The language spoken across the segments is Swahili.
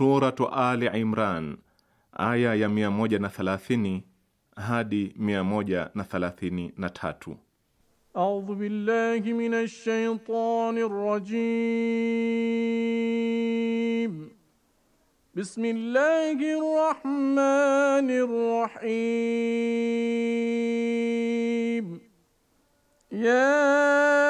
Suratu Ali Imran aya ya 130 hadi 133. A'udhu billahi minash shaitani rajim. Bismillahir rahmanir rahim. Ya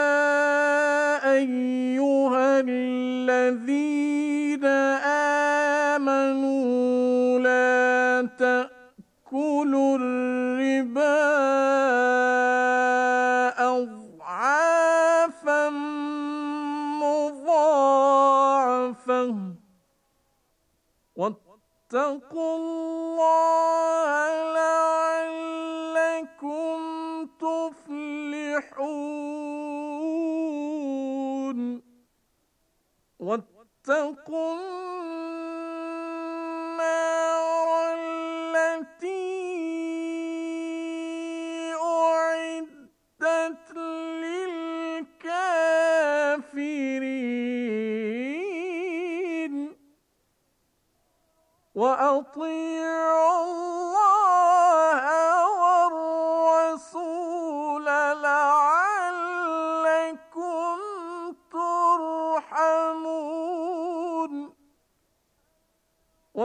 واتقوا الله لعلكم تفلحون واتقوا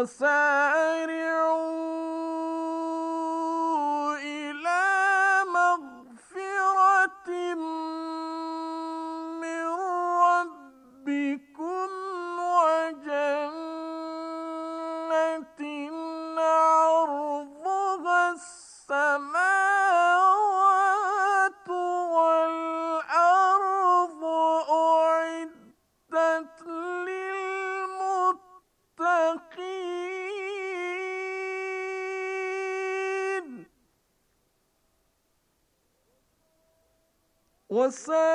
وسارعوا what's up?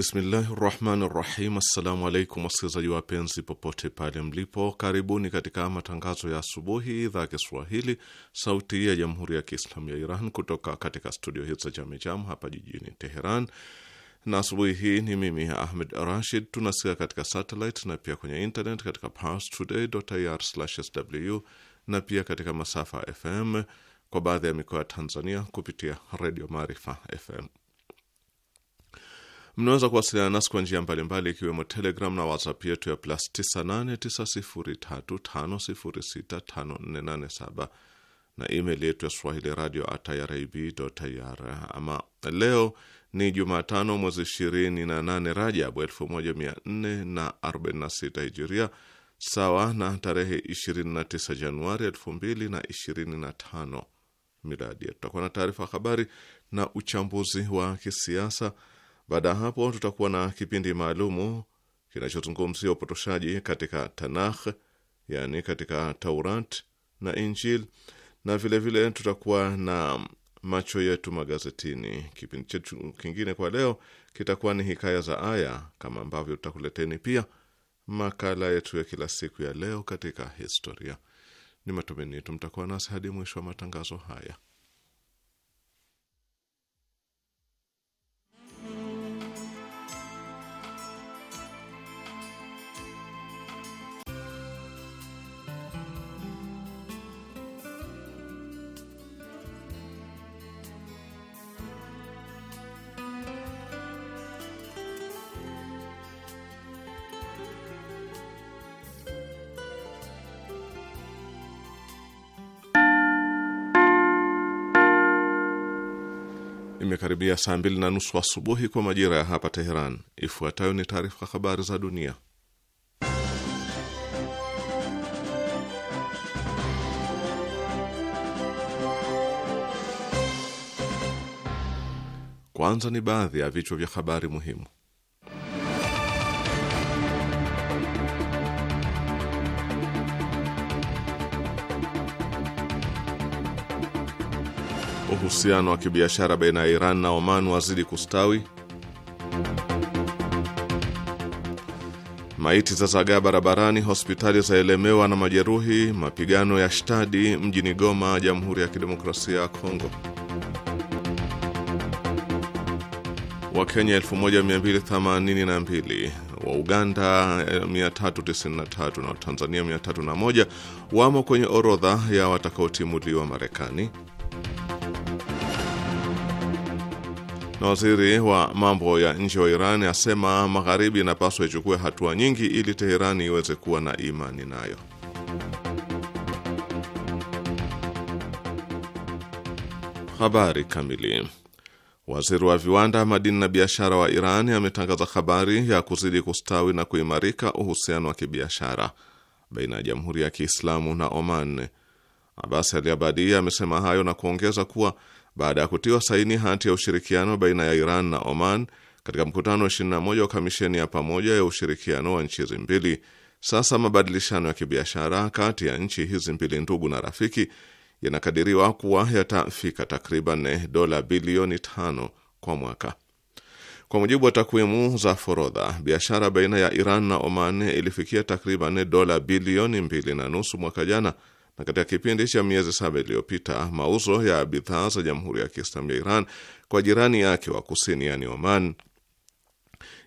Bismillahi rahmani rahim. Assalamu alaikum wasikilizaji wapenzi popote pale mlipo, karibuni katika matangazo ya asubuhi idhaa Kiswahili sauti ya jamhuri ya Kiislamu ya Iran kutoka katika studio hizi za Jamejam hapa jijini Teheran. Na asubuhi hii ni mimi Ahmed Rashid. Tunasikia katika satellite na pia kwenye internet katika parstoday.ir/sw na pia katika masafa FM kwa baadhi ya mikoa ya Tanzania kupitia redio Maarifa FM. Mnaweza kuwasiliana nasi kwa njia mbalimbali ikiwemo Telegram na WhatsApp yetu ya plus 989035065487 na email yetu ya swahili radio atiribr. Ama leo ni Jumatano, mwezi 28 rajab 1446 Hijiria, sawa na tarehe 29 Januari 2025 Miladi. Tutakuwa na taarifa habari na uchambuzi wa kisiasa baada ya hapo, tutakuwa na kipindi maalumu kinachozungumzia upotoshaji katika Tanakh, yani katika Taurat na Injil, na vilevile vile tutakuwa na macho yetu magazetini. Kipindi chetu kingine kwa leo kitakuwa ni hikaya za aya, kama ambavyo tutakuleteni pia makala yetu ya kila siku ya leo katika historia. Ni matumaini yetu mtakuwa nasi hadi mwisho wa matangazo haya. imekaribia saa mbili na nusu asubuhi kwa majira ya hapa Teheran. Ifuatayo ni taarifa habari za dunia. Kwanza ni baadhi ya vichwa vya habari muhimu. uhusiano wa kibiashara baina ya Iran na Oman wazidi kustawi. Maiti za zagaa barabarani, hospitali zaelemewa na majeruhi. Mapigano ya shtadi mjini Goma, Jamhuri ya Kidemokrasia ya Kongo. Wakenya 1282 wa Uganda 393 eh, na Tanzania 301 wamo kwenye orodha ya watakaotimuliwa Marekani. na waziri wa mambo ya nje wa Iran asema magharibi inapaswa ichukue hatua nyingi ili Teherani iweze kuwa na imani nayo. Habari kamili. Waziri wa viwanda, madini na biashara wa Iran ametangaza habari ya kuzidi kustawi na kuimarika uhusiano wa kibiashara baina ya Jamhuri ya Kiislamu na Oman. Abbas aliabadi Abadi amesema hayo na kuongeza kuwa baada ya kutiwa saini hati ya ushirikiano baina ya Iran na Oman katika mkutano wa 21 wa kamisheni ya pamoja ya ushirikiano wa nchi hizi mbili. Sasa mabadilishano ya kibiashara kati ya nchi hizi mbili ndugu na rafiki yanakadiriwa kuwa yatafika takriban dola bilioni tano kwa mwaka. Kwa mujibu wa takwimu za forodha, biashara baina ya Iran na Oman ilifikia takriban dola bilioni mbili na nusu mwaka jana, na katika kipindi cha miezi saba iliyopita mauzo ya bidhaa za Jamhuri ya Kiislamu ya Iran kwa jirani yake wa kusini, yani Oman,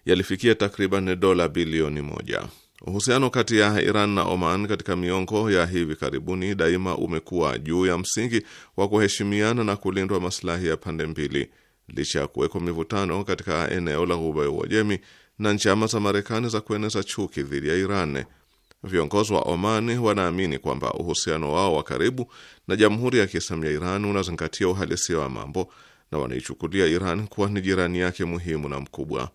yalifikia takriban dola bilioni moja. Uhusiano kati ya Iran na Oman katika miongo ya hivi karibuni daima umekuwa juu ya msingi wa kuheshimiana na kulindwa masilahi ya pande mbili, licha ya kuwekwa mivutano katika eneo la Ghuba ya Uajemi na njama za Marekani za kueneza chuki dhidi ya Iran Viongozi wa Oman wanaamini kwamba uhusiano wao wa karibu na Jamhuri ya Kiislamu ya Iran unazingatia uhalisia wa mambo na wanaichukulia Iran kuwa ni jirani yake muhimu na mkubwa.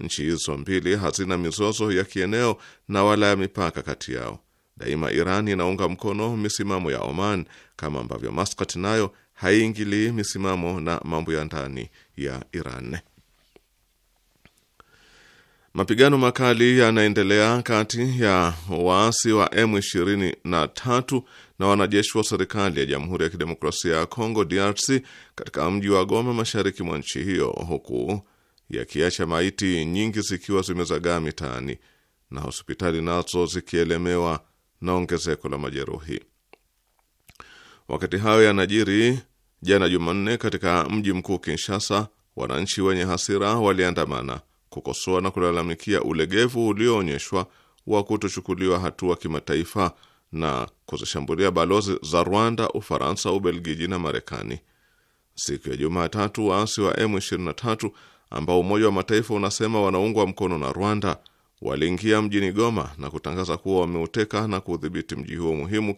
Nchi hizo mbili hazina mizozo ya kieneo na wala ya mipaka kati yao. Daima Iran inaunga mkono misimamo ya Oman kama ambavyo Maskat nayo haiingilii misimamo na mambo ya ndani ya Iran. Mapigano makali yanaendelea kati ya waasi wa M23 na wanajeshi wa serikali ya Jamhuri ya Kidemokrasia ya Kongo DRC katika mji wa Goma mashariki mwa nchi hiyo, huku yakiacha maiti nyingi zikiwa zimezagaa mitaani na hospitali nazo zikielemewa na ongezeko la majeruhi. Wakati hayo yanajiri, jana Jumanne, katika mji mkuu Kinshasa, wananchi wenye hasira waliandamana kukosoa na kulalamikia ulegevu ulioonyeshwa wa kutochukuliwa hatua kimataifa na kuzishambulia balozi za Rwanda, Ufaransa, Ubelgiji na Marekani. Siku ya Jumatatu, waasi wa M23 ambao Umoja wa Mataifa unasema wanaungwa mkono na Rwanda waliingia mjini Goma na kutangaza kuwa wameuteka na kuudhibiti mji huo muhimu,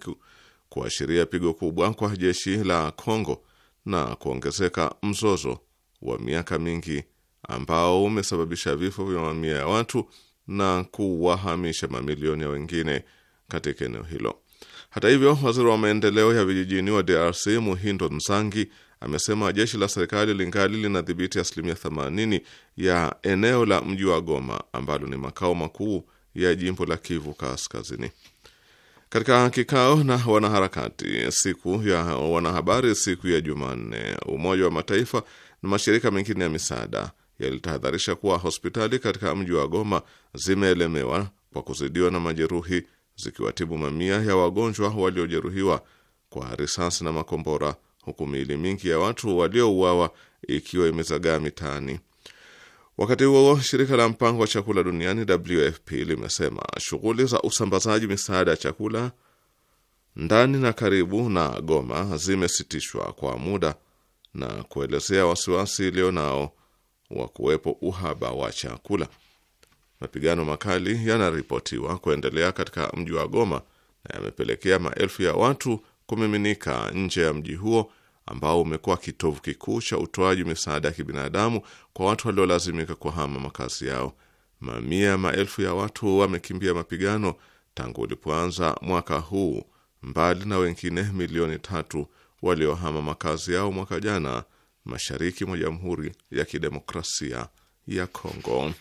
kuashiria pigo kubwa kwa jeshi la Kongo na kuongezeka mzozo wa miaka mingi ambao umesababisha vifo vya mamia ya watu na kuwahamisha mamilioni ya wengine katika eneo hilo. Hata hivyo, waziri wa maendeleo ya vijijini wa DRC Muhindo Msangi amesema jeshi la serikali lingali linadhibiti asilimia 80 ya eneo la mji wa Goma ambalo ni makao makuu ya jimbo la Kivu Kaskazini. Katika kikao na wanaharakati siku ya wanahabari siku ya Jumanne, Umoja wa Mataifa na mashirika mengine ya misaada yalitahadharisha kuwa hospitali katika mji wa Goma zimeelemewa kwa kuzidiwa na majeruhi, zikiwatibu mamia ya wagonjwa waliojeruhiwa kwa risasi na makombora, huku miili mingi ya watu waliouawa ikiwa imezagaa mitaani. Wakati huo shirika la mpango wa chakula duniani WFP limesema shughuli za usambazaji misaada ya chakula ndani na karibu na Goma zimesitishwa kwa muda na kuelezea wasiwasi ilionao wa kuwepo uhaba wa chakula. Mapigano makali yanaripotiwa kuendelea katika mji wa Goma na yamepelekea maelfu ya watu kumiminika nje ya mji huo ambao umekuwa kitovu kikuu cha utoaji misaada ya kibinadamu kwa watu waliolazimika kuhama makazi yao. Mamia maelfu ya watu wamekimbia mapigano tangu ulipoanza mwaka huu, mbali na wengine milioni tatu waliohama makazi yao mwaka jana mashariki mwa Jamhuri ya Kidemokrasia ya Kongo.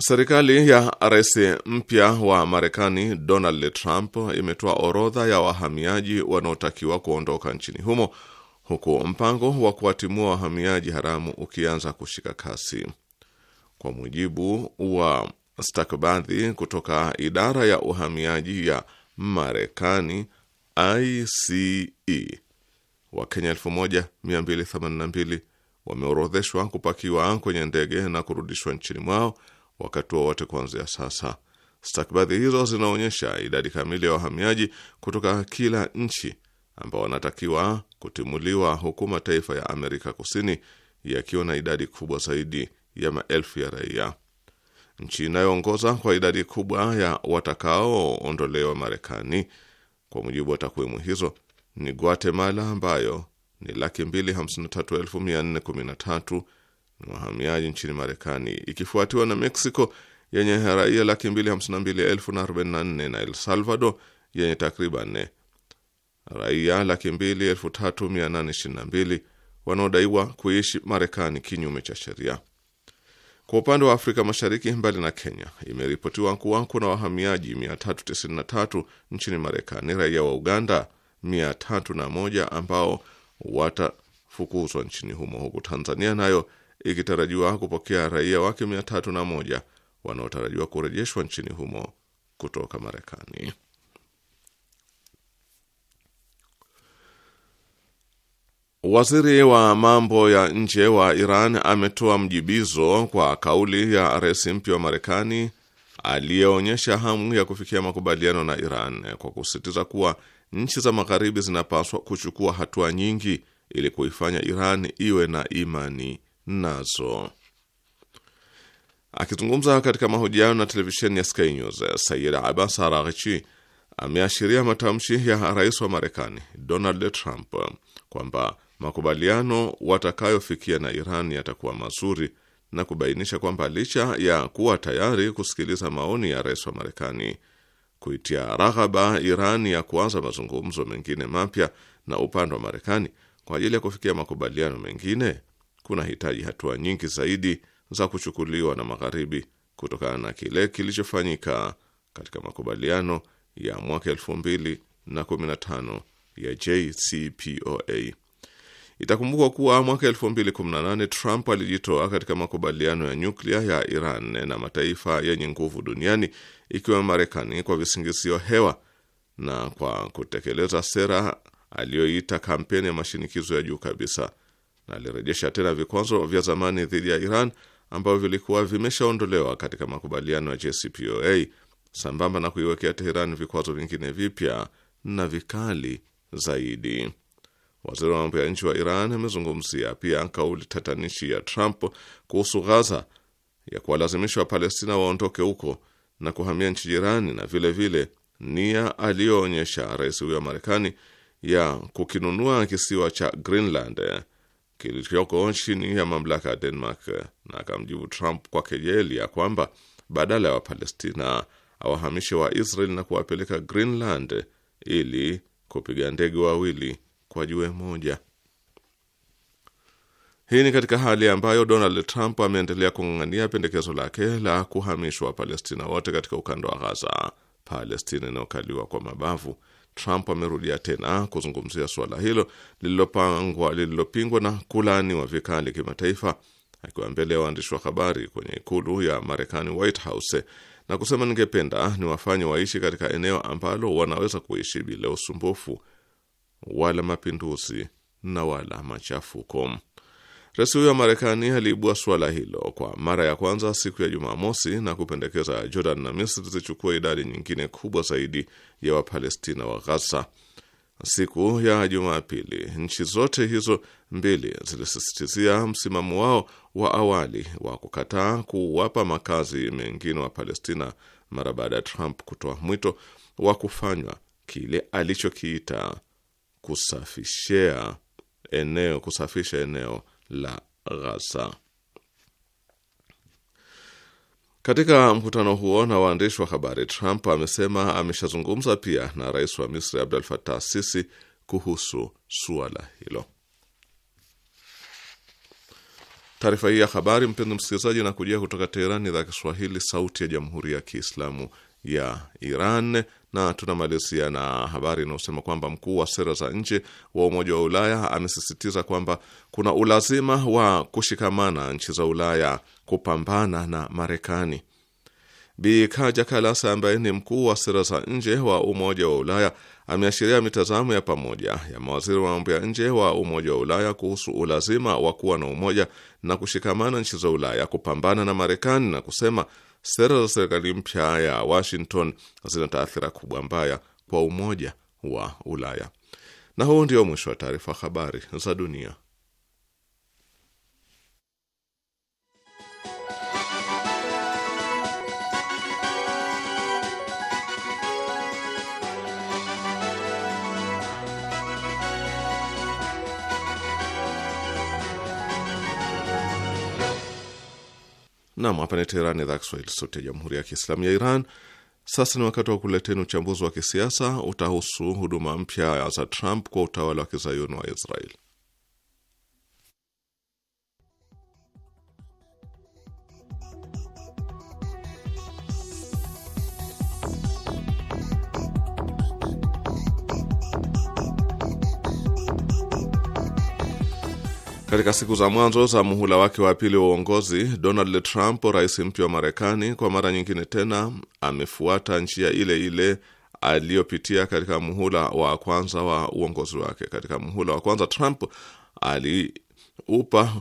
Serikali ya rais mpya wa Marekani Donald Trump imetoa orodha ya wahamiaji wanaotakiwa kuondoka nchini humo huku mpango wa kuwatimua wahamiaji haramu ukianza kushika kasi. Kwa mujibu wa stakabadhi kutoka idara ya uhamiaji ya Marekani ICE, Wakenya 1282 wameorodheshwa kupakiwa kwenye ndege na kurudishwa nchini mwao wakati wowote kuanzia sasa. Stakabadhi hizo zinaonyesha idadi kamili ya wahamiaji kutoka kila nchi ambao wanatakiwa kutimuliwa, huku mataifa ya Amerika Kusini yakiwa na idadi kubwa zaidi ya maelfu ya raia. Nchi inayoongoza kwa idadi kubwa ya watakaoondolewa Marekani, kwa mujibu wa takwimu hizo, ni Guatemala ambayo ni laki mbili hamsini na tatu elfu mia nne kumi na tatu ni wahamiaji nchini Marekani, ikifuatiwa na Mexico yenye raia laki mbili hamsini na mbili elfu na arobaini na nne na El Salvador yenye takriban raia laki mbili elfu tatu mia nane ishirini na mbili wanaodaiwa kuishi Marekani kinyume cha sheria. Kwa upande wa Afrika Mashariki, mbali na Kenya, imeripotiwa kuwa kuna wahamiaji 393 nchini Marekani, raia wa Uganda mia tatu na moja ambao watafukuzwa nchini humo, huku Tanzania nayo ikitarajiwa kupokea raia wake mia tatu na moja wanaotarajiwa kurejeshwa nchini humo kutoka Marekani. Waziri wa mambo ya nje wa Iran ametoa mjibizo kwa kauli ya rais mpya wa Marekani aliyeonyesha hamu ya kufikia makubaliano na Iran kwa kusisitiza kuwa nchi za Magharibi zinapaswa kuchukua hatua nyingi ili kuifanya Iran iwe na imani nazo. Akizungumza katika mahojiano na televisheni ya Sky News, Sayid Abbas Araghchi ameashiria matamshi ya rais wa Marekani Donald Trump kwamba makubaliano watakayofikia na Iran yatakuwa mazuri na kubainisha kwamba licha ya kuwa tayari kusikiliza maoni ya rais wa Marekani, kuitia raghaba Iran ya kuanza mazungumzo mengine mapya na upande wa Marekani kwa ajili ya kufikia makubaliano mengine kuna hitaji hatua nyingi zaidi za kuchukuliwa na Magharibi kutokana na kile kilichofanyika katika makubaliano ya mwaka 2015 ya JCPOA. Itakumbukwa kuwa mwaka 2018 Trump alijitoa katika makubaliano ya nyuklia ya Iran na mataifa yenye nguvu duniani ikiwemo Marekani kwa visingizio hewa na kwa kutekeleza sera aliyoita kampeni ya mashinikizo ya juu kabisa, na alirejesha tena vikwazo vya zamani dhidi ya Iran ambavyo vilikuwa vimeshaondolewa katika makubaliano ya JCPOA sambamba na kuiwekea Teheran vikwazo vingine vipya na vikali zaidi. Waziri wa mambo ya nchi wa Iran amezungumzia pia kauli tatanishi ya Trump kuhusu Ghaza ya kuwalazimisha Wapalestina waondoke huko na kuhamia nchi jirani na vilevile vile nia aliyoonyesha rais huyo wa Marekani ya kukinunua kisiwa cha Greenland kilichoko chini ya mamlaka ya Denmark, na akamjibu Trump kwa kejeli ya kwamba badala ya Wapalestina awahamishe Israel na kuwapeleka Greenland ili kupiga ndege wawili kwa jiwe moja. Hii ni katika hali ambayo Donald Trump ameendelea kung'ang'ania pendekezo lake la kuhamishwa Wapalestina wote katika ukanda wa Ghaza, Palestina inayokaliwa kwa mabavu. Trump amerudia tena kuzungumzia suala hilo lililopangwa lililopingwa na kulaaniwa vikali kimataifa, akiwa mbele ya waandishi wa habari kwenye ikulu ya Marekani, White House, na kusema, ningependa ni wafanye waishi katika eneo ambalo wanaweza kuishi bila usumbufu wala mapinduzi na wala machafuko. Rais huyo wa Marekani aliibua suala hilo kwa mara ya kwanza siku ya Jumamosi na kupendekeza Jordan na Misri zichukua idadi nyingine kubwa zaidi ya Wapalestina wa Ghaza. Siku ya Jumapili, nchi zote hizo mbili zilisisitizia msimamo wao wa awali wa kukataa kuwapa makazi mengine wa Palestina mara baada ya Trump kutoa mwito wa kufanywa kile alichokiita kusafishia eneo, kusafisha eneo la Ghaza. Katika mkutano huo na waandishi wa habari, Trump amesema ameshazungumza pia na rais wa Misri Abdel Fattah Sisi kuhusu suala hilo. Taarifa hii ya habari, mpenzi msikilizaji, na kujia kutoka Teherani, idhaa Kiswahili, sauti ya jamhuri ya kiislamu ya Iran na tunamalizia na habari inayosema kwamba mkuu wa sera za nje wa Umoja wa Ulaya amesisitiza kwamba kuna ulazima wa kushikamana nchi za Ulaya kupambana na Marekani. Bi Kaja Kalas ambaye ni mkuu wa sera za nje wa Umoja wa Ulaya ameashiria mitazamo ya pamoja ya mawaziri wa mambo ya nje wa Umoja wa Ulaya kuhusu ulazima wa kuwa na umoja na kushikamana nchi za Ulaya kupambana na Marekani na kusema sera za serikali mpya ya Washington zina taathira kubwa mbaya kwa umoja wa Ulaya. Na huu ndio mwisho wa taarifa habari za dunia. Nam, hapa ni Teherani, idhaa Kiswahili, sauti ya jamhuri ya kiislamu ya Iran. Sasa ni wakati wa kuleteni uchambuzi wa kisiasa. Utahusu huduma mpya za Trump kwa utawala wa kizayuni wa Israeli. Katika siku za mwanzo za muhula wake wa pili wa uongozi, Donald Trump, rais mpya wa Marekani, kwa mara nyingine tena amefuata njia ile ile aliyopitia katika muhula wa kwanza wa uongozi wake. Katika muhula wa kwanza, Trump aliupa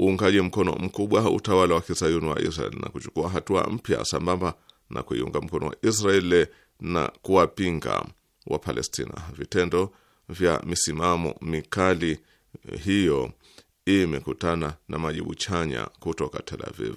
uungaji mkono mkubwa utawala wa kizayuni wa Israel na kuchukua hatua mpya sambamba na kuiunga mkono wa Israel na kuwapinga wa Palestina. Vitendo vya misimamo mikali hiyo imekutana na majibu chanya kutoka Tel Aviv.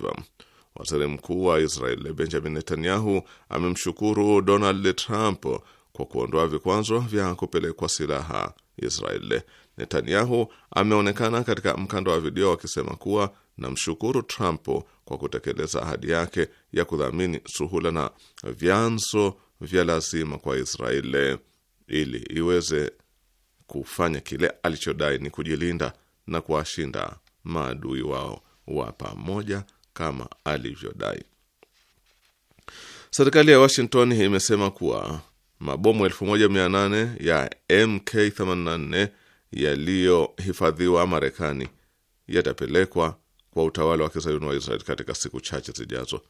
Waziri mkuu wa Israel Benjamin Netanyahu amemshukuru Donald Trump kwa kuondoa vikwazo vya kupelekwa silaha Israel. Netanyahu ameonekana katika mkanda wa video akisema kuwa namshukuru Trump kwa kutekeleza ahadi yake ya kudhamini suhula na vyanzo vya lazima kwa Israeli ili iweze kufanya kile alichodai ni kujilinda na kuwashinda maadui wao wa pamoja kama alivyodai. Serikali ya Washington imesema kuwa mabomu 1800 ya MK84 yaliyohifadhiwa Marekani yatapelekwa kwa utawala wa kizayuni wa Israel katika siku chache zijazo.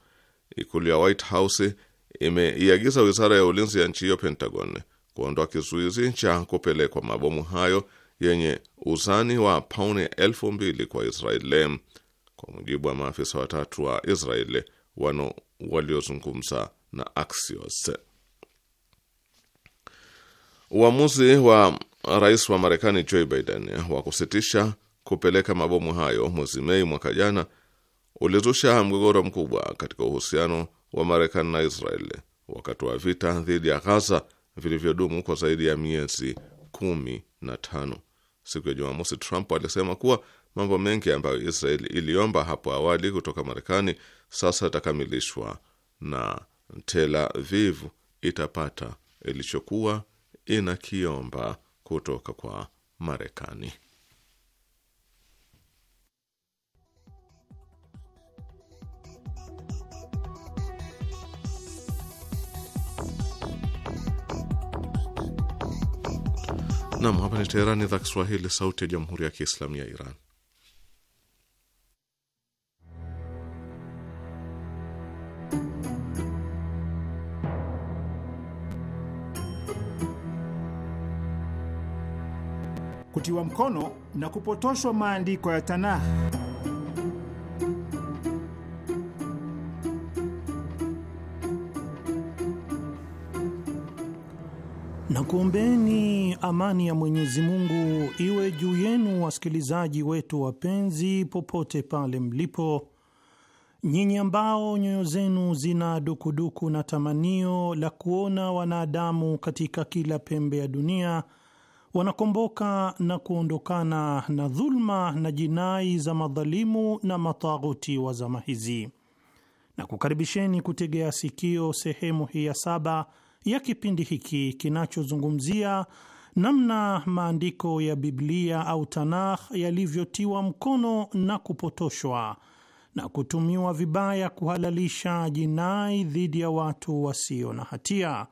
Ikulu ya White House imeiagiza wizara ya ulinzi ya nchi hiyo, Pentagon, kuondoa kizuizi cha kupelekwa mabomu hayo yenye uzani wa pauni elfu mbili kwa Israeli, kwa mujibu wa maafisa watatu wa Israeli wano waliozungumza na Axios. Uamuzi wa rais wa Marekani Joe Biden wa kusitisha kupeleka mabomu hayo mwezi Mei mwaka jana ulizusha mgogoro mkubwa katika uhusiano wa Marekani na Israeli wakati wa vita dhidi ya Ghaza vilivyodumu kwa zaidi ya miezi kumi na tano. Siku ya Jumamosi, Trump alisema kuwa mambo mengi ambayo Israel iliomba hapo awali kutoka Marekani sasa yatakamilishwa na Tel Aviv itapata ilichokuwa inakiomba kutoka kwa Marekani. Nam, hapa ni Teherani, idhaa Kiswahili, sauti ya jamhuri ya kiislamu ya Iran. Kutiwa mkono na kupotoshwa maandiko ya Tanakh. na kuombeni amani ya Mwenyezi Mungu iwe juu yenu, wasikilizaji wetu wapenzi, popote pale mlipo, nyinyi ambao nyoyo zenu zina dukuduku na tamanio la kuona wanadamu katika kila pembe ya dunia wanakomboka na kuondokana na dhulma na jinai za madhalimu na mataghuti wa zama hizi, na kukaribisheni kutegea sikio sehemu hii ya saba ya kipindi hiki kinachozungumzia namna maandiko ya Biblia au Tanakh yalivyotiwa mkono na kupotoshwa na kutumiwa vibaya kuhalalisha jinai dhidi ya watu wasio na hatia.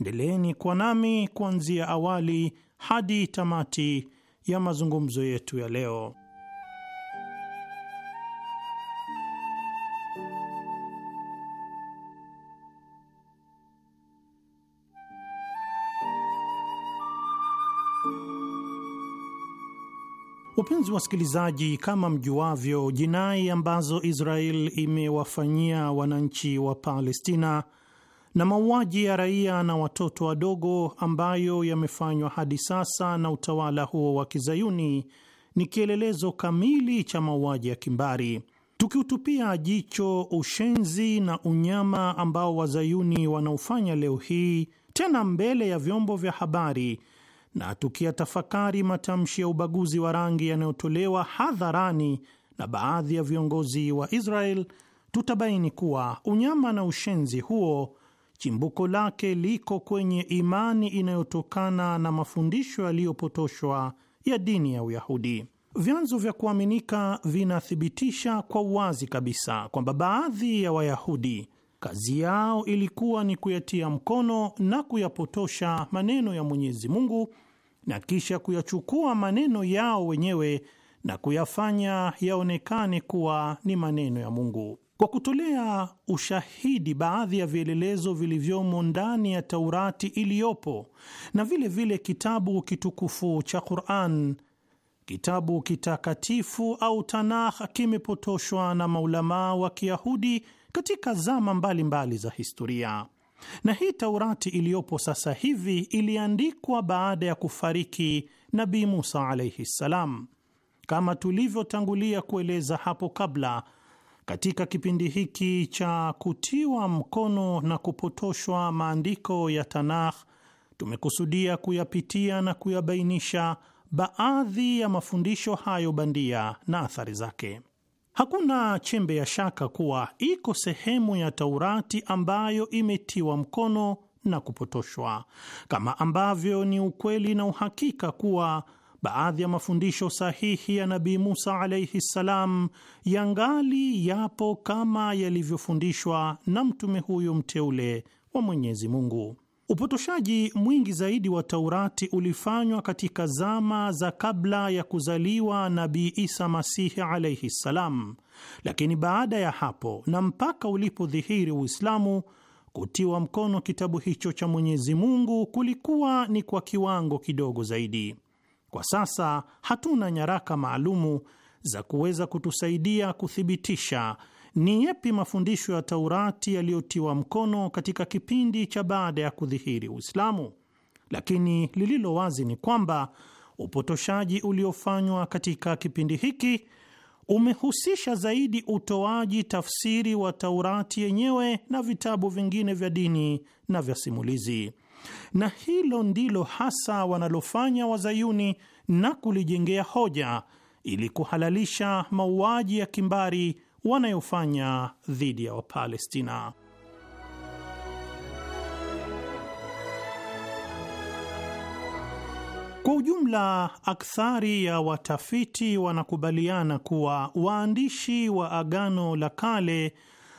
Endeleeni kwa nami kuanzia awali hadi tamati ya mazungumzo yetu ya leo. Wapenzi wasikilizaji, kama mjuavyo, jinai ambazo Israel imewafanyia wananchi wa Palestina na mauaji ya raia na watoto wadogo ambayo yamefanywa hadi sasa na utawala huo wa kizayuni ni kielelezo kamili cha mauaji ya kimbari. Tukiutupia jicho ushenzi na unyama ambao wazayuni wanaofanya leo hii, tena mbele ya vyombo vya habari na tukiyatafakari matamshi ya ubaguzi wa rangi yanayotolewa hadharani na baadhi ya viongozi wa Israel, tutabaini kuwa unyama na ushenzi huo chimbuko lake liko kwenye imani inayotokana na mafundisho yaliyopotoshwa ya dini ya Uyahudi. Vyanzo vya kuaminika vinathibitisha kwa uwazi kabisa kwamba baadhi ya Wayahudi kazi yao ilikuwa ni kuyatia mkono na kuyapotosha maneno ya Mwenyezi Mungu na kisha kuyachukua maneno yao wenyewe na kuyafanya yaonekane kuwa ni maneno ya Mungu. Kwa kutolea ushahidi baadhi ya vielelezo vilivyomo ndani ya Taurati iliyopo na vile vile kitabu kitukufu cha Qur'an, kitabu kitakatifu au Tanakh kimepotoshwa na maulamaa wa Kiyahudi katika zama mbalimbali mbali za historia. Na hii Taurati iliyopo sasa hivi iliandikwa baada ya kufariki Nabii Musa alaihi ssalam. Kama tulivyotangulia kueleza hapo kabla, katika kipindi hiki cha kutiwa mkono na kupotoshwa maandiko ya Tanakh, tumekusudia kuyapitia na kuyabainisha baadhi ya mafundisho hayo bandia na athari zake. Hakuna chembe ya shaka kuwa iko sehemu ya Taurati ambayo imetiwa mkono na kupotoshwa, kama ambavyo ni ukweli na uhakika kuwa baadhi ya mafundisho sahihi ya Nabii Musa alaihi ssalam yangali yapo kama yalivyofundishwa na mtume huyo mteule wa Mwenyezi Mungu. Upotoshaji mwingi zaidi wa Taurati ulifanywa katika zama za kabla ya kuzaliwa Nabii Isa Masihi alaihi ssalam, lakini baada ya hapo na mpaka ulipodhihiri Uislamu, kutiwa mkono kitabu hicho cha Mwenyezi Mungu kulikuwa ni kwa kiwango kidogo zaidi. Kwa sasa hatuna nyaraka maalumu za kuweza kutusaidia kuthibitisha ni yapi mafundisho ya Taurati yaliyotiwa mkono katika kipindi cha baada ya kudhihiri Uislamu, lakini lililo wazi ni kwamba upotoshaji uliofanywa katika kipindi hiki umehusisha zaidi utoaji tafsiri wa Taurati yenyewe na vitabu vingine vya dini na vya simulizi, na hilo ndilo hasa wanalofanya Wazayuni na kulijengea hoja ili kuhalalisha mauaji ya kimbari wanayofanya dhidi ya Wapalestina. Kwa ujumla, akthari ya watafiti wanakubaliana kuwa waandishi wa Agano la Kale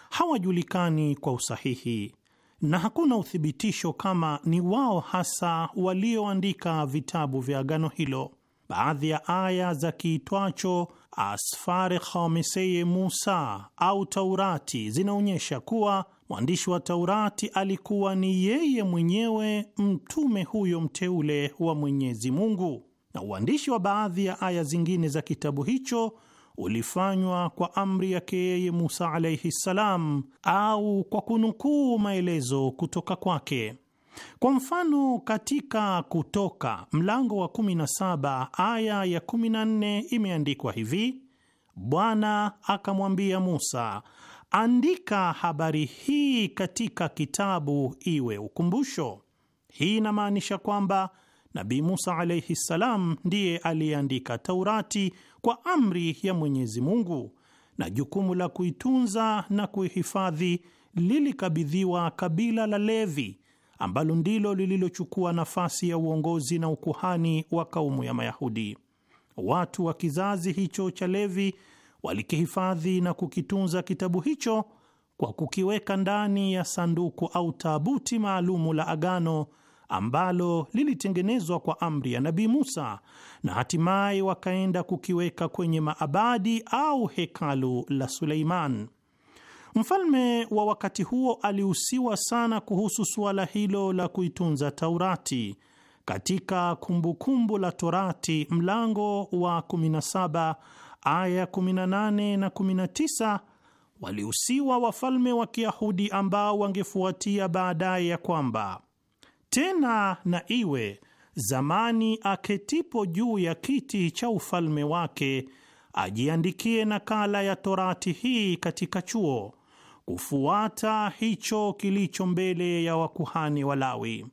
hawajulikani kwa usahihi na hakuna uthibitisho kama ni wao hasa walioandika vitabu vya agano hilo. Baadhi ya aya za kiitwacho Asfari Khamiseye Musa au Taurati zinaonyesha kuwa mwandishi wa Taurati alikuwa ni yeye mwenyewe mtume huyo mteule wa Mwenyezi Mungu, na uandishi wa baadhi ya aya zingine za kitabu hicho ulifanywa kwa amri yake yeye Musa alaihi ssalam, au kwa kunukuu maelezo kutoka kwake. Kwa mfano katika Kutoka mlango wa 17 aya ya 14 imeandikwa hivi: Bwana akamwambia Musa, andika habari hii katika kitabu iwe ukumbusho. Hii inamaanisha kwamba Nabii Musa alaihi ssalam ndiye aliyeandika Taurati kwa amri ya Mwenyezi Mungu, na jukumu la kuitunza na kuihifadhi lilikabidhiwa kabila la Levi ambalo ndilo lililochukua nafasi ya uongozi na ukuhani wa kaumu ya Mayahudi. Watu wa kizazi hicho cha Levi walikihifadhi na kukitunza kitabu hicho kwa kukiweka ndani ya sanduku au tabuti maalumu la agano ambalo lilitengenezwa kwa amri ya Nabii Musa na hatimaye wakaenda kukiweka kwenye maabadi au hekalu la Suleiman. Mfalme wa wakati huo alihusiwa sana kuhusu suala hilo la kuitunza Taurati. Katika Kumbukumbu kumbu la Torati mlango wa 17 aya 18 na 19, walihusiwa wafalme wa Kiyahudi ambao wangefuatia baadaye ya kwamba tena na iwe zamani aketipo juu ya kiti cha ufalme wake ajiandikie nakala ya Torati hii katika chuo kufuata hicho kilicho mbele ya wakuhani Walawi,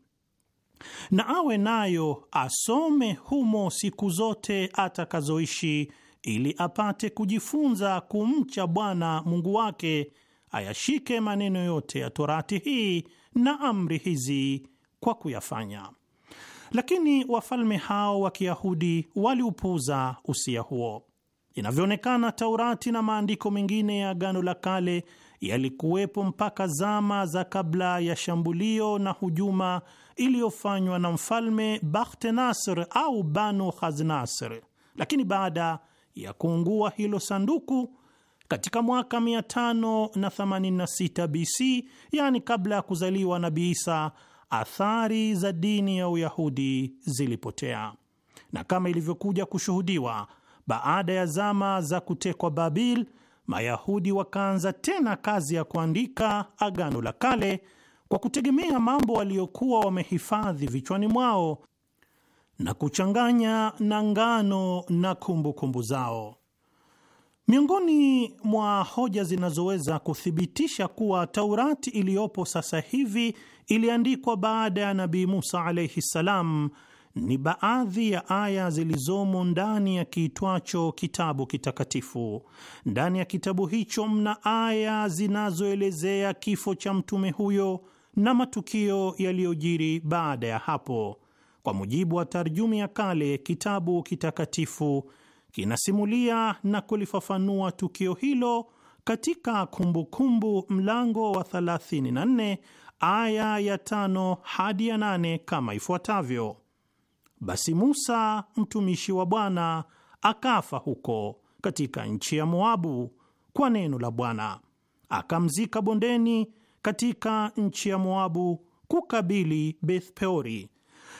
na awe nayo asome humo siku zote atakazoishi, ili apate kujifunza kumcha Bwana Mungu wake, ayashike maneno yote ya Torati hii na amri hizi kwa kuyafanya. Lakini wafalme hao wa Kiyahudi waliupuuza usia huo. Inavyoonekana, Taurati na maandiko mengine ya Agano la Kale yalikuwepo mpaka zama za kabla ya shambulio na hujuma iliyofanywa na mfalme Bakhtenasr au Banu Khaznasr, lakini baada ya kuungua hilo sanduku katika mwaka 586 BC, yani kabla ya kuzaliwa Nabi Isa, athari za dini ya Uyahudi zilipotea, na kama ilivyokuja kushuhudiwa baada ya zama za kutekwa Babil Mayahudi wakaanza tena kazi ya kuandika Agano la Kale kwa kutegemea mambo waliokuwa wamehifadhi vichwani mwao na kuchanganya na ngano na kumbukumbu kumbu zao. Miongoni mwa hoja zinazoweza kuthibitisha kuwa Taurati iliyopo sasa hivi iliandikwa baada ya Nabii Musa alaihi ssalam ni baadhi ya aya zilizomo ndani ya kiitwacho kitabu kitakatifu. Ndani ya kitabu hicho mna aya zinazoelezea kifo cha mtume huyo na matukio yaliyojiri baada ya hapo. Kwa mujibu wa tarjumi ya kale, kitabu kitakatifu kinasimulia na kulifafanua tukio hilo katika Kumbukumbu kumbu mlango wa 34 aya ya 5 hadi ya 8 kama ifuatavyo basi Musa mtumishi wa Bwana akafa huko katika nchi ya Moabu kwa neno la Bwana, akamzika bondeni katika nchi ya Moabu kukabili Beth Peori,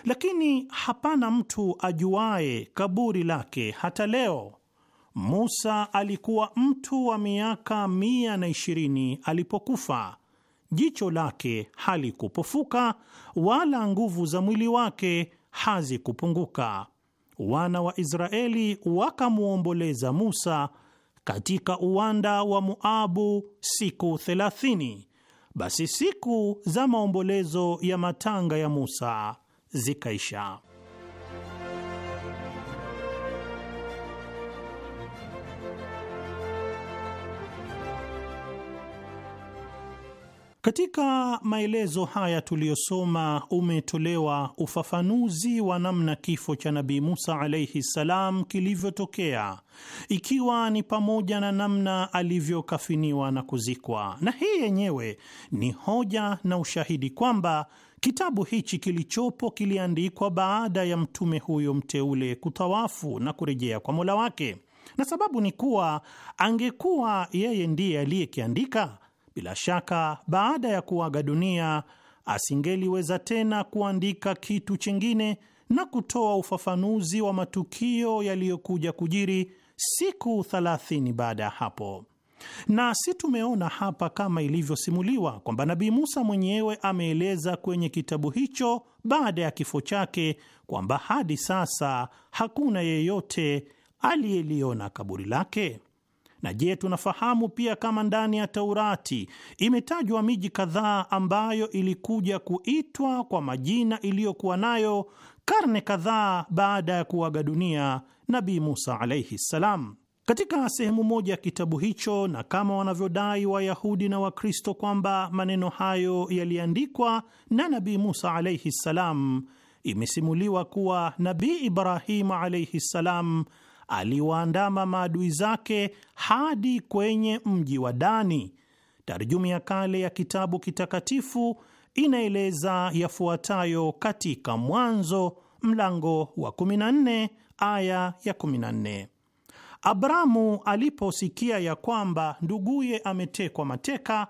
lakini hapana mtu ajuaye kaburi lake hata leo. Musa alikuwa mtu wa miaka mia na ishirini alipokufa. Jicho lake halikupofuka wala nguvu za mwili wake hazikupunguka. Wana wa Israeli wakamwomboleza Musa katika uwanda wa Moabu siku thelathini. Basi siku za maombolezo ya matanga ya Musa zikaisha. Katika maelezo haya tuliyosoma umetolewa ufafanuzi wa namna kifo cha Nabii Musa alaihi ssalam kilivyotokea, ikiwa ni pamoja na namna alivyokafiniwa na kuzikwa, na hii yenyewe ni hoja na ushahidi kwamba kitabu hichi kilichopo kiliandikwa baada ya mtume huyo mteule kutawafu na kurejea kwa Mola wake, na sababu ni kuwa angekuwa yeye ndiye aliyekiandika bila shaka baada ya kuaga dunia asingeliweza tena kuandika kitu chingine na kutoa ufafanuzi wa matukio yaliyokuja kujiri siku thalathini baada ya hapo. Na si tumeona hapa kama ilivyosimuliwa kwamba Nabii Musa mwenyewe ameeleza kwenye kitabu hicho baada ya kifo chake kwamba hadi sasa hakuna yeyote aliyeliona kaburi lake. Na je, tunafahamu pia kama ndani ya Taurati imetajwa miji kadhaa ambayo ilikuja kuitwa kwa majina iliyokuwa nayo karne kadhaa baada ya kuaga dunia Nabii Musa alaihi ssalam. Katika sehemu moja ya kitabu hicho, na kama wanavyodai Wayahudi na Wakristo kwamba maneno hayo yaliandikwa na Nabii Musa alaihi ssalam, imesimuliwa kuwa Nabii Ibrahimu alaihi ssalam aliwaandama maadui zake hadi kwenye mji wa Dani. tarjumu ya kale ya kitabu kitakatifu inaeleza yafuatayo katika Mwanzo mlango wa 14 aya ya 14: Abramu aliposikia ya kwamba nduguye ametekwa mateka,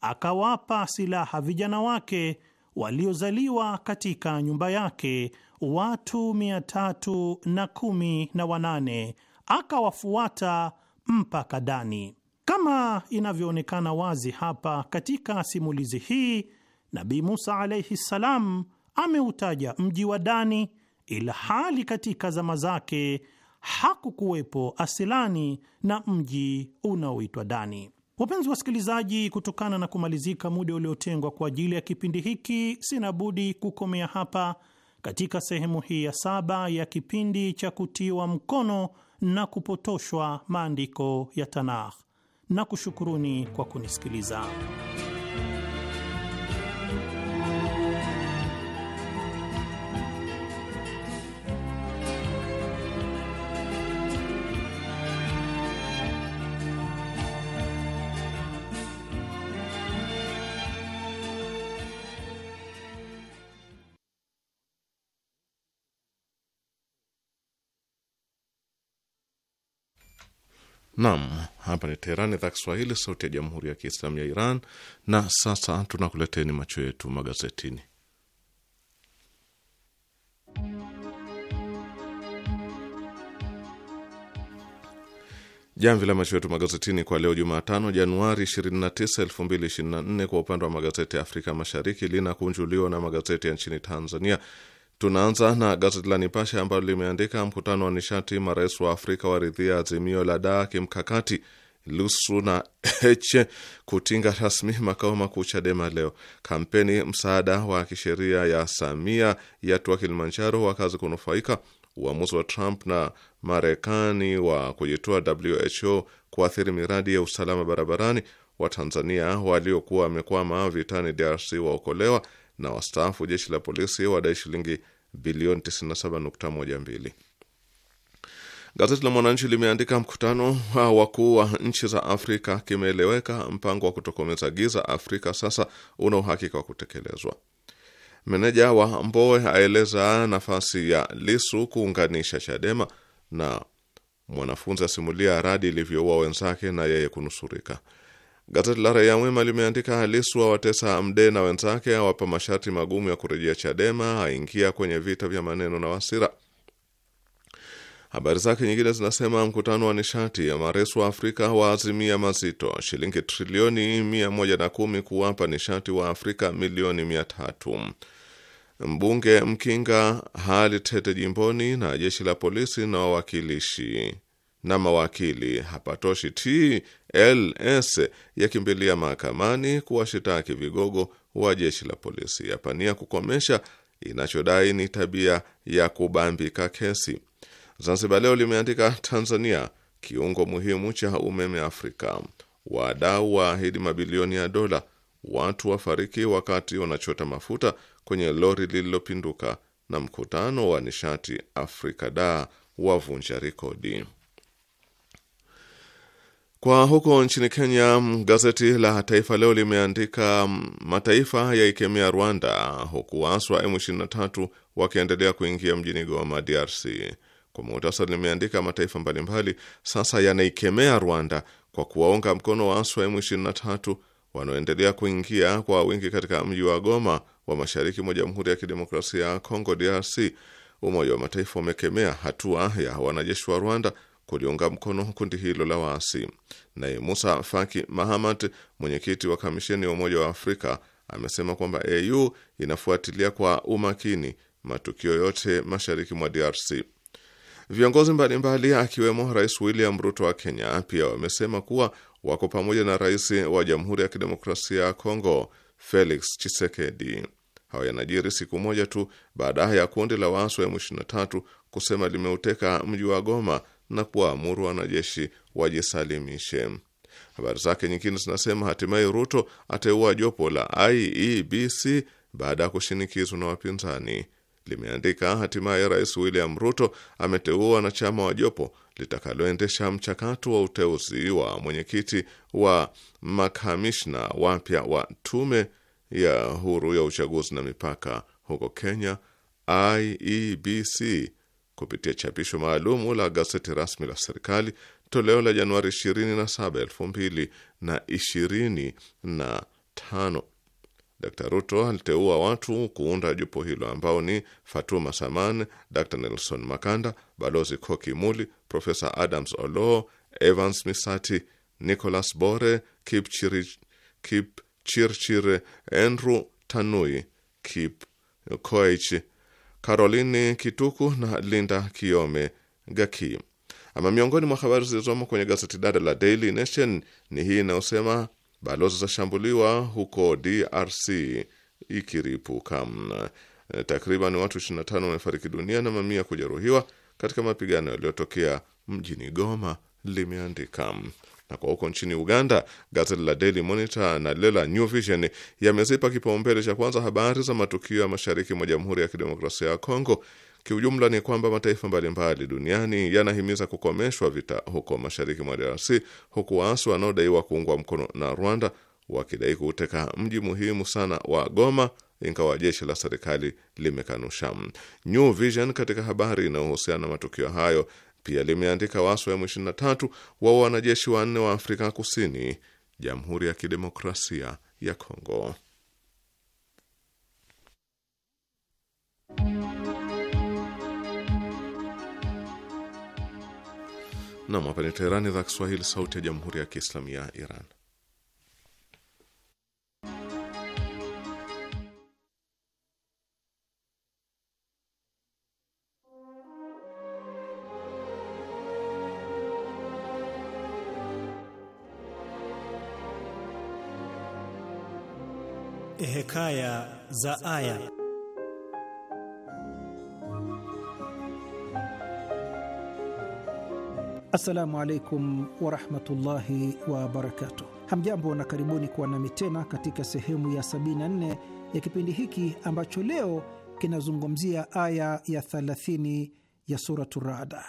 akawapa silaha vijana wake waliozaliwa katika nyumba yake watu mia tatu na kumi na wanane akawafuata mpaka Dani. Kama inavyoonekana wazi hapa katika simulizi hii, Nabii Musa alaihi ssalam ameutaja mji wa Dani, ila hali katika zama zake hakukuwepo asilani na mji unaoitwa Dani. Wapenzi wasikilizaji, kutokana na kumalizika muda uliotengwa kwa ajili ya kipindi hiki, sina budi kukomea hapa katika sehemu hii ya saba ya kipindi cha kutiwa mkono na kupotoshwa maandiko ya Tanakh na kushukuruni kwa kunisikiliza. Nam, hapa ni Teherani, idhaa Kiswahili, sauti ya jamhuri ya kiislamu ya Iran. Na sasa tunakuleteni macho yetu magazetini. Jamvi la macho yetu magazetini kwa leo Jumatano, Januari 29, 2024, kwa upande wa magazeti ya Afrika Mashariki linakunjuliwa na magazeti ya nchini Tanzania Tunaanza na gazeti la Nipashe ambalo limeandika mkutano wa nishati, marais wa Afrika waridhia azimio la daa kimkakati Lusu na h kutinga rasmi makao makuu Chadema leo. Kampeni msaada wa kisheria ya Samia yatua Kilimanjaro, wakazi kunufaika. Uamuzi wa Trump na Marekani wa kujitoa WHO kuathiri miradi ya usalama barabarani. Watanzania waliokuwa wamekwama vitani DRC waokolewa na wastaafu jeshi la polisi wadai shilingi bilioni 97.12. Gazeti la Mwananchi limeandika mkutano wa wakuu wa nchi za Afrika kimeeleweka, mpango wa kutokomeza giza Afrika sasa una uhakika wa kutekelezwa. Meneja wa Mbowe aeleza nafasi ya Lisu kuunganisha Chadema na mwanafunzi asimulia radi ilivyoua wenzake na yeye kunusurika. Gazeti la Raia Mwema limeandika Halisu awatesa Mdee na wenzake, awapa masharti magumu ya kurejea Chadema, aingia kwenye vita vya maneno na Wasira. Habari zake nyingine zinasema mkutano wa nishati ya marais wa Afrika waazimia mazito, shilingi trilioni kumi kuwapa nishati wa Afrika milioni tatu. Mbunge Mkinga hali tete jimboni, na jeshi la polisi na wawakilishi na mawakili hapatoshi, TLS yakimbilia mahakamani kuwashitaki vigogo wa jeshi la polisi, yapania kukomesha inachodai ni tabia ya kubambika kesi. Zanzibar Leo limeandika Tanzania kiungo muhimu cha umeme Afrika, wadau waahidi mabilioni ya dola, watu wafariki wakati wanachota mafuta kwenye lori lililopinduka, na mkutano wa nishati Afrika da wavunja rekodi. Kwa huko nchini Kenya, gazeti la Taifa Leo limeandika mataifa yaikemea Rwanda, huku waswa M23 wakiendelea kuingia mjini Goma, DRC. Kwa muhtasari, limeandika mataifa mbalimbali sasa yanaikemea Rwanda kwa kuwaunga mkono waswa M23 wanaoendelea kuingia kwa wingi katika mji wa Goma wa mashariki mwa Jamhuri ya Kidemokrasia ya Kongo, DRC. Umoja wa Mataifa umekemea hatua ya wanajeshi wa Rwanda kuliunga mkono kundi hilo la waasi. Naye Musa Faki Mahamat, mwenyekiti wa kamisheni ya Umoja wa Afrika, amesema kwamba AU inafuatilia kwa umakini matukio yote mashariki mwa DRC. Viongozi mbalimbali akiwemo Rais William Ruto wa Kenya pia wamesema kuwa wako pamoja na rais wa Jamhuri ya Kidemokrasia ya Kongo Felix Tshisekedi. Hawa yanajiri siku moja tu baada ya kundi la waasi wa M23 kusema limeuteka mji wa Goma na kuwaamuru wanajeshi wajisalimishe. Habari zake nyingine zinasema hatimaye Ruto ateua jopo la IEBC baada ya kushinikizwa na wapinzani. Limeandika hatimaye Rais William Ruto ameteua wanachama wa jopo litakaloendesha mchakato wa uteuzi wa mwenyekiti wa makamishna wapya wa tume ya huru ya uchaguzi na mipaka huko Kenya, IEBC kupitia chapisho maalumu la gazeti rasmi la serikali toleo la Januari 27, 2025. Dr Ruto aliteua watu kuunda jopo hilo ambao ni Fatuma Saman, Dr Nelson Makanda, Balozi Koki Muli, Profesa Adams Oloo, Evans Misati, Nicholas Bore, Kipchirchir, Kip Andrew Tanui, Kip Koech Caroline Kituku na Linda Kiome Gaki. Ama miongoni mwa habari zilizomo kwenye gazeti dada la Daily Nation ni hii inayosema balozi zashambuliwa huko DRC ikiripuka. Eh, takriban watu 25 wamefariki dunia na mamia kujeruhiwa katika mapigano yaliyotokea mjini Goma, limeandika. Na kwa huko nchini Uganda, gazeti la Daily Monitor na lile la New Vision yamezipa kipaumbele cha kwanza habari za matukio ya mashariki mwa Jamhuri ya Kidemokrasia ya Kongo. Kiujumla ni kwamba mataifa mbalimbali duniani yanahimiza kukomeshwa vita huko mashariki mwa DRC, huku waasi wanaodaiwa kuungwa mkono na Rwanda wakidai kuuteka mji muhimu sana wa Goma, ingawa jeshi la serikali limekanusha. New Vision katika habari inayohusiana na matukio hayo pia limeandika waasi wa M23 wa wanajeshi wanne wa Afrika Kusini, Jamhuri ya Kidemokrasia ya Kongo. Nam, hapa ni Teherani, idhaa Kiswahili, sauti ya Jamhuri ya Kiislamu ya Iran. Eh, hekaya za Aya. Assalamu alaikum warahmatullahi wabarakatuh. Hamjambo na karibuni kuwa nami tena katika sehemu ya 74 ya kipindi hiki ambacho leo kinazungumzia aya ya 30 ya Suratu Rada.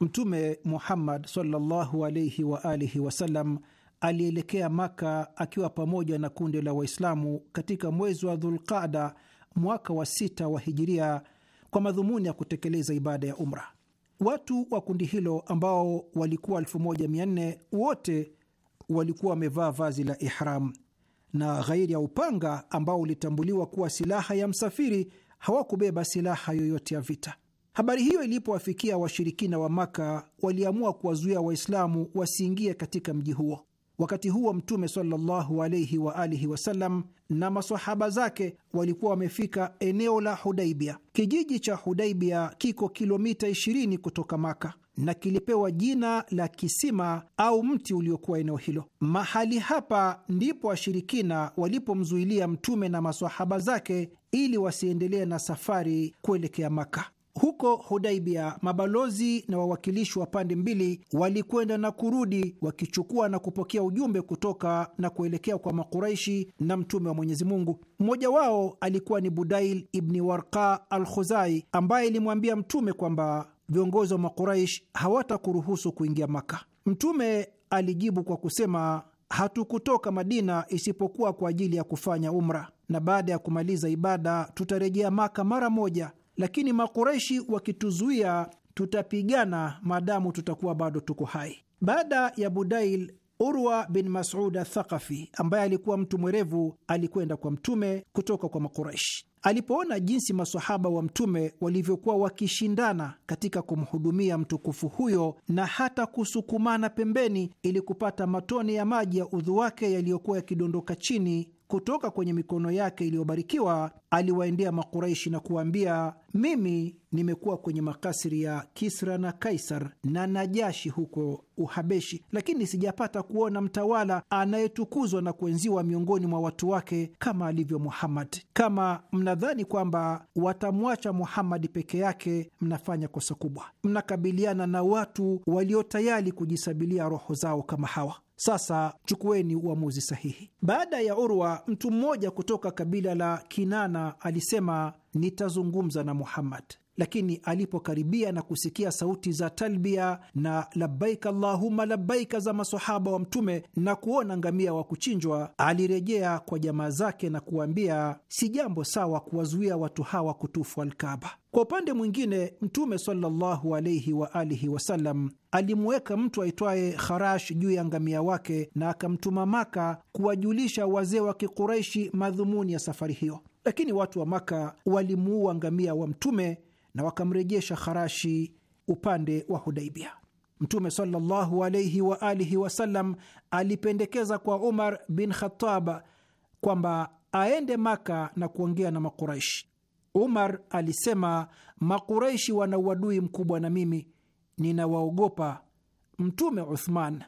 Mtume Muhammad sallallahu alaihi waalihi wasalam alielekea Maka akiwa pamoja na kundi la Waislamu katika mwezi wa Dhulqada mwaka wa sita wa Hijiria kwa madhumuni ya kutekeleza ibada ya umra. Watu wa kundi hilo ambao walikuwa 1400 wote walikuwa wamevaa vazi la ihram, na ghairi ya upanga ambao ulitambuliwa kuwa silaha ya msafiri, hawakubeba silaha yoyote ya vita. Habari hiyo ilipowafikia washirikina wa Maka, waliamua kuwazuia Waislamu wasiingie katika mji huo. Wakati huo Mtume sallallahu wa alihi wasallam na masahaba zake walikuwa wamefika eneo la Hudaibia. Kijiji cha Hudaibia kiko kilomita 20 kutoka Maka na kilipewa jina la kisima au mti uliokuwa eneo hilo. Mahali hapa ndipo washirikina walipomzuilia Mtume na masahaba zake ili wasiendelee na safari kuelekea Maka. Huko Hudaibia, mabalozi na wawakilishi wa pande mbili walikwenda na kurudi wakichukua na kupokea ujumbe kutoka na kuelekea kwa Makuraishi na Mtume wa Mwenyezi Mungu. Mmoja wao alikuwa ni Budail Ibni Warqa al Khuzai, ambaye ilimwambia Mtume kwamba viongozi wa Makuraish hawatakuruhusu kuingia Maka. Mtume alijibu kwa kusema, hatukutoka Madina isipokuwa kwa ajili ya kufanya umra, na baada ya kumaliza ibada tutarejea Maka mara moja lakini Makureshi wakituzuia, tutapigana maadamu tutakuwa bado tuko hai. Baada ya Budail, Urwa bin Masud Athaqafi ambaye alikuwa mtu mwerevu alikwenda kwa Mtume kutoka kwa Makureshi. Alipoona jinsi masahaba wa Mtume walivyokuwa wakishindana katika kumhudumia mtukufu huyo na hata kusukumana pembeni ili kupata matone ya maji ya udhu wake yaliyokuwa yakidondoka chini kutoka kwenye mikono yake iliyobarikiwa, aliwaendea Makuraishi na kuwaambia, mimi nimekuwa kwenye makasiri ya Kisra na Kaisar na Najashi huko Uhabeshi, lakini sijapata kuona mtawala anayetukuzwa na kuenziwa miongoni mwa watu wake kama alivyo Muhammad. Kama mnadhani kwamba watamwacha muhamadi peke yake, mnafanya kosa kubwa. Mnakabiliana na watu walio tayari kujisabilia roho zao kama hawa. Sasa chukueni uamuzi sahihi. Baada ya Urwa, mtu mmoja kutoka kabila la Kinana alisema, nitazungumza na Muhammad lakini alipokaribia na kusikia sauti za talbia na labbaik allahumma labbaika za masahaba wa Mtume na kuona ngamia wa kuchinjwa, alirejea kwa jamaa zake na kuwaambia, si jambo sawa kuwazuia watu hawa kutufu Alkaba. Kwa upande mwingine, Mtume sallallahu alaihi wa alihi wasallam alimuweka mtu aitwaye Kharash juu ya ngamia wake na akamtuma Maka kuwajulisha wazee wa kikureishi madhumuni ya safari hiyo, lakini watu wa Maka walimuua ngamia wa Mtume na wakamrejesha Kharashi upande wa Hudaibia. Mtume sallallahu alayhi wa alihi wasallam alipendekeza kwa Umar bin Khattab kwamba aende Maka na kuongea na Makuraishi. Umar alisema, Makuraishi wana uadui mkubwa na mimi, ninawaogopa Mtume Uthman.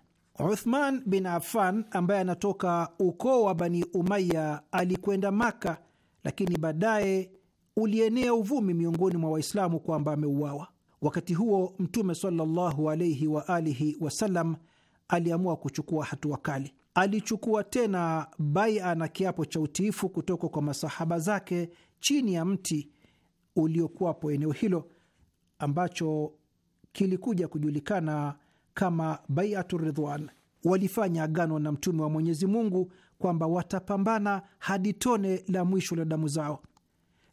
Uthman bin Affan ambaye anatoka ukoo wa Bani Umaya alikwenda Maka, lakini baadaye ulienea uvumi miongoni mwa Waislamu kwamba ameuawa. Wakati huo Mtume sallallahu alaihi wa alihi wasallam aliamua kuchukua hatua kali. Alichukua tena baia na kiapo cha utiifu kutoka kwa masahaba zake chini ya mti uliokuwapo eneo hilo ambacho kilikuja kujulikana kama Baiatu Ridwan. Walifanya agano na Mtume wa Mwenyezi Mungu kwamba watapambana hadi tone la mwisho la damu zao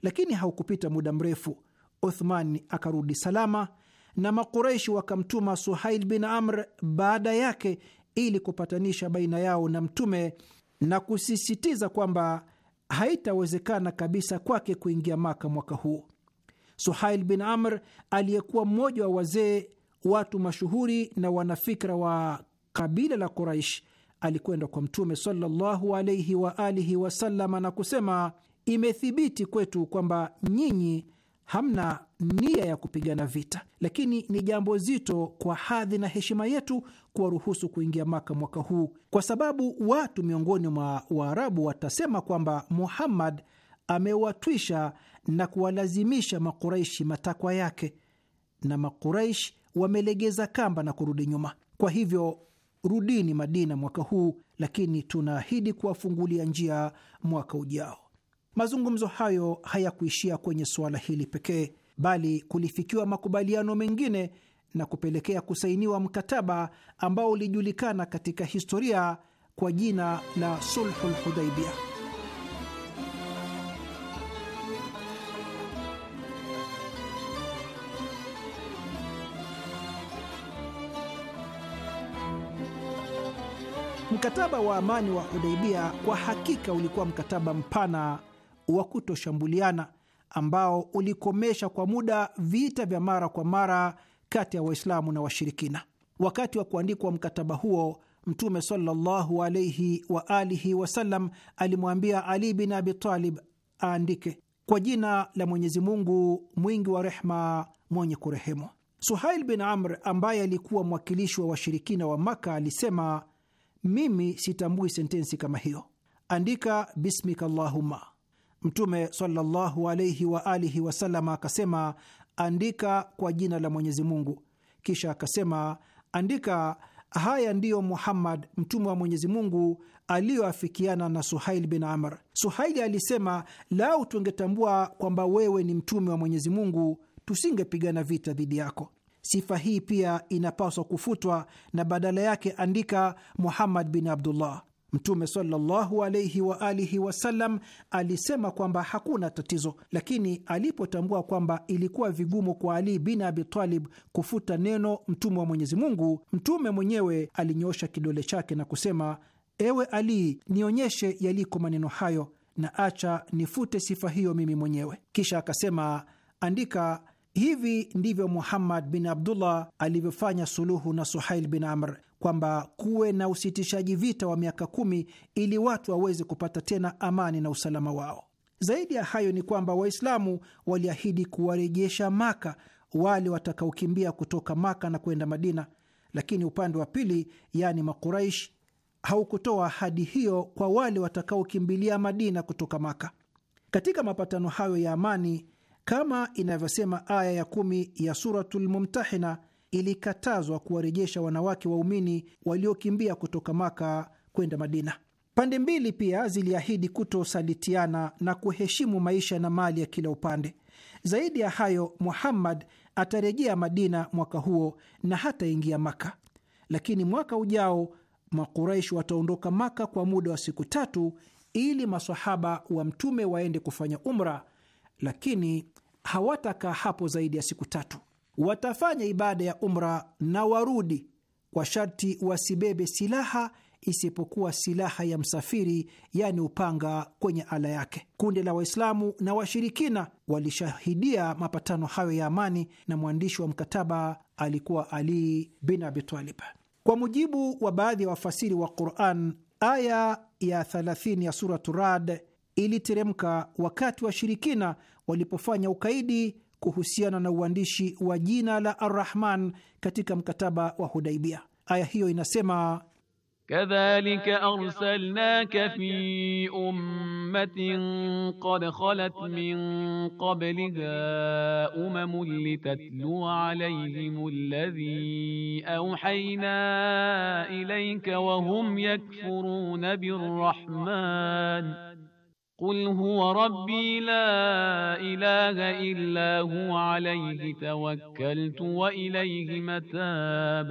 lakini haukupita muda mrefu Uthman akarudi salama na Makureishi wakamtuma Suhail bin Amr baada yake ili kupatanisha baina yao na Mtume na kusisitiza kwamba haitawezekana kabisa kwake kuingia Maka mwaka huu. Suhail bin Amr aliyekuwa mmoja wa wazee, watu mashuhuri na wanafikra wa kabila la Quraish alikwenda kwa Mtume sallallahu alaihi waalihi wasalama na kusema imethibiti kwetu kwamba nyinyi hamna nia ya kupigana vita, lakini ni jambo zito kwa hadhi na heshima yetu kuwaruhusu kuingia Maka mwaka huu, kwa sababu watu miongoni mwa Waarabu watasema kwamba Muhammad amewatwisha na kuwalazimisha Makuraishi matakwa yake, na Makuraishi wamelegeza kamba na kurudi nyuma. Kwa hivyo rudini Madina mwaka huu, lakini tunaahidi kuwafungulia njia mwaka ujao. Mazungumzo hayo hayakuishia kwenye suala hili pekee, bali kulifikiwa makubaliano mengine na kupelekea kusainiwa mkataba ambao ulijulikana katika historia kwa jina la Sulhul Hudaibia. Mkataba wa amani wa Hudaibia kwa hakika ulikuwa mkataba mpana wa kutoshambuliana ambao ulikomesha kwa muda vita vya mara kwa mara kati ya Waislamu na washirikina. Wakati wa kuandikwa mkataba huo, Mtume sallallahu alaihi wa alihi wasallam alimwambia Ali bin Abi Talib aandike kwa jina la Mwenyezi Mungu mwingi wa rehma, mwenye kurehemu. Suhail bin Amr ambaye alikuwa mwakilishi wa washirikina wa Maka alisema, mimi sitambui sentensi kama hiyo. Andika bismika llahumma Mtume sallallahu alaihi wa alihi wasallam akasema, andika kwa jina la Mwenyezi Mungu. Kisha akasema, andika haya ndiyo Muhammad mtume wa Mwenyezi Mungu aliyoafikiana na Suhail bin Amr. Suhaili alisema, lau tungetambua kwamba wewe ni mtume wa Mwenyezi Mungu tusingepigana vita dhidi yako. Sifa hii pia inapaswa kufutwa na badala yake andika Muhammad bin Abdullah. Mtume sallallahu alaihi wa alihi wasallam alisema kwamba hakuna tatizo, lakini alipotambua kwamba ilikuwa vigumu kwa Ali bin Abi Talib kufuta neno mtume wa Mwenyezi Mungu, mtume mwenyewe alinyosha kidole chake na kusema, ewe Ali, nionyeshe yaliko maneno hayo na acha nifute sifa hiyo mimi mwenyewe. Kisha akasema, andika Hivi ndivyo Muhammad bin Abdullah alivyofanya suluhu na Suhail bin Amr kwamba kuwe na usitishaji vita wa miaka kumi ili watu waweze kupata tena amani na usalama wao. Zaidi ya hayo ni kwamba Waislamu waliahidi kuwarejesha Maka wale watakaokimbia kutoka Maka na kwenda Madina, lakini upande wa pili, yaani Makuraish, haukutoa ahadi hiyo kwa wale watakaokimbilia Madina kutoka Maka. Katika mapatano hayo ya amani, kama inavyosema aya ya kumi ya Suratul Mumtahina, ilikatazwa kuwarejesha wanawake waumini waliokimbia kutoka Maka kwenda Madina. Pande mbili pia ziliahidi kutosalitiana na kuheshimu maisha na mali ya kila upande. Zaidi ya hayo, Muhammad atarejea Madina mwaka huo na hataingia Maka, lakini mwaka ujao Makuraishi wataondoka Maka kwa muda wa siku tatu ili masahaba wa Mtume waende kufanya umra, lakini hawatakaa hapo zaidi ya siku tatu watafanya ibada ya umra na warudi, kwa sharti wasibebe silaha isipokuwa silaha ya msafiri, yaani upanga kwenye ala yake. Kundi la Waislamu na washirikina walishahidia mapatano hayo ya amani, na mwandishi wa mkataba alikuwa Ali bin Abi Talib. Kwa mujibu wa baadhi ya wafasiri wa Quran, aya ya 30 ya Suratu Rad iliteremka wakati washirikina walipofanya ukaidi kuhusiana na uandishi wa jina la Arrahman katika mkataba wa Hudaibia. Aya hiyo inasema kadhalika arsalnaka fi ummatin qad khalat min qabliha umamun litatluwa alayhim alladhi awhayna ilayka wa hum yakfuruna birrahman Qul huwa rabbi la ilaha illa huwa alayhi tawakkaltu wa ilayhi matab,